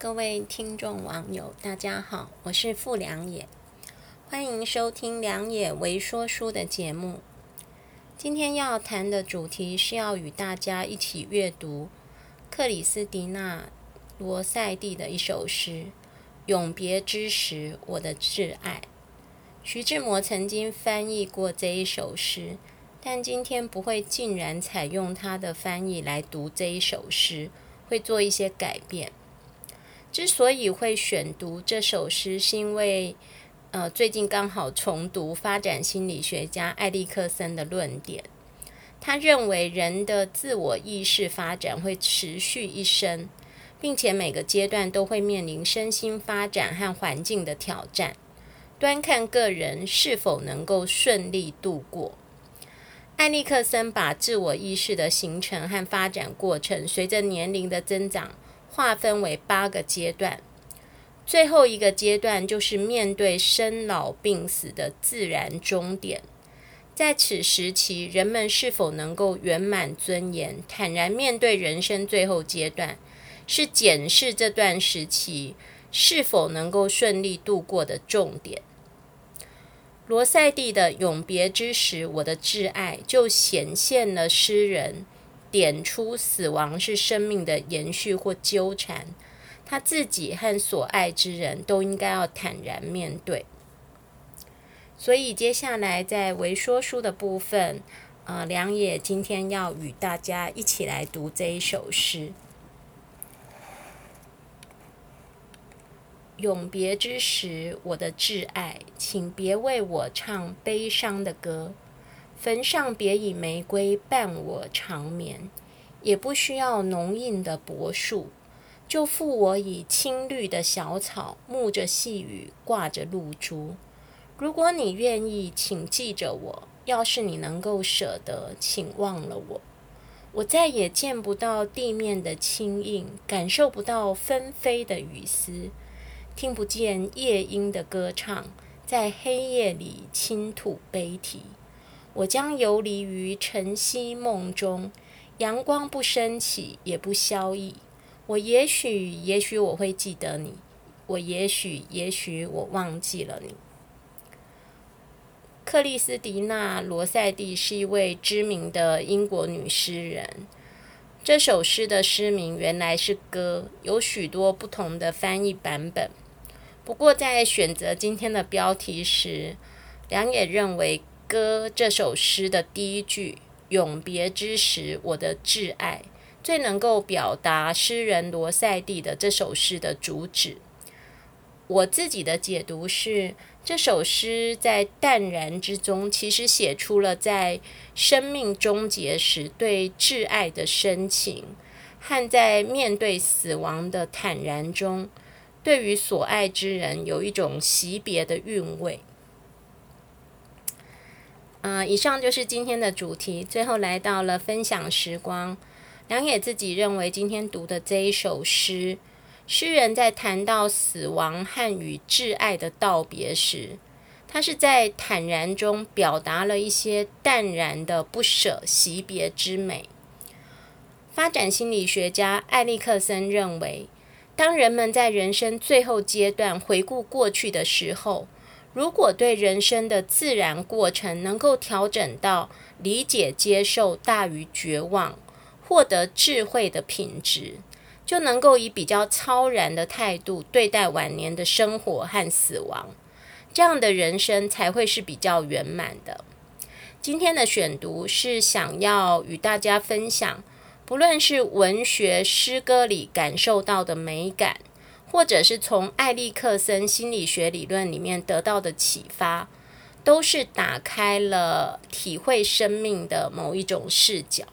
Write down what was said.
各位聽眾網友，大家好，我是傅良也，歡迎收聽良也微說書的節目。今天要談的主題是要與大家一起閱讀克里斯蒂娜·羅塞蒂的一首詩《永別之時，我的摯愛》。徐志摩曾經翻譯過這一首詩，但今天不會盡然採用他的翻譯來讀這一首詩，會做一些改變。之所以會選讀這首詩，是因為，呃，最近剛好重讀發展心理學家艾利克森的論點。他認為人的自我意識發展會持續一生，並且每個階段都會面臨身心發展和環境的挑戰，端看個人是否能夠順利度過。艾利克森把自我意識的形成和發展過程，隨着年齡的增長，劃分為八個階段，最後一個階段就是面對生老病死的自然終點。在此時期，人們是否能夠圓滿尊嚴、坦然面對人生最後階段，是檢視這段時期是否能夠順利度過的重點。羅塞蒂的《永別之時，我的摯愛》就顯現了詩人。點出死亡是生命的延續或糾纏，她自己和所愛之人都應該要坦然面對。所以接下來在微說書的部分，呃，良也今天要與大家一起來讀這一首詩。永別之時，我的摯愛，請別為我唱悲傷的歌。墳上別以玫瑰伴我長眠，也不需要濃蔭的柏樹，就覆我以青綠的小草，沐着細雨，掛着露珠。如果你願意，請記着我；要是你能夠捨得，請忘了我。我再也見不到地面的青蔭，感受不到紛飛的雨絲，聽不見夜鶯的歌唱，在黑夜裡傾吐悲啼。我將游離於晨曦夢中，陽光不升起，也不消翳。我也許，也許我會記得你；我也許，也許我忘記了你。克里斯蒂娜·羅塞蒂是一位知名的英國女詩人。這首詩的詩名原來是歌，有許多不同的翻譯版本。不過在選擇今天的標題時，良也認為，歌這首詩的第一句“永別之時，我的摯愛”，最能夠表達詩人羅塞蒂的這首詩的主旨。我自己的解讀是，這首詩在淡然之中，其實寫出了在生命終結時對摯愛的深情，和在面對死亡的坦然中，對於所愛之人有一種惜別的韻味。呃，以上就是今天的主題。最後來到了分享時光。良也自己認為，今天讀的這一首詩，詩人在談到死亡和與摯愛的道別時，他是在坦然中表達了一些淡然的不捨、惜別之美。發展心理學家艾利克森認為，當人們在人生最後階段回顧過去的時候，如果對人生的自然過程能夠調整到理解、接受大於絕望，獲得智慧的品質，就能夠以比較超然的態度對待晚年的生活和死亡，這樣的人生才會是比較圓滿的。今天的選讀是想要與大家分享，不論是文學、詩歌裡感受到的美感。或者是從艾利克森心理學理論裡面得到的啟發，都是打開了體會生命的某一種視角。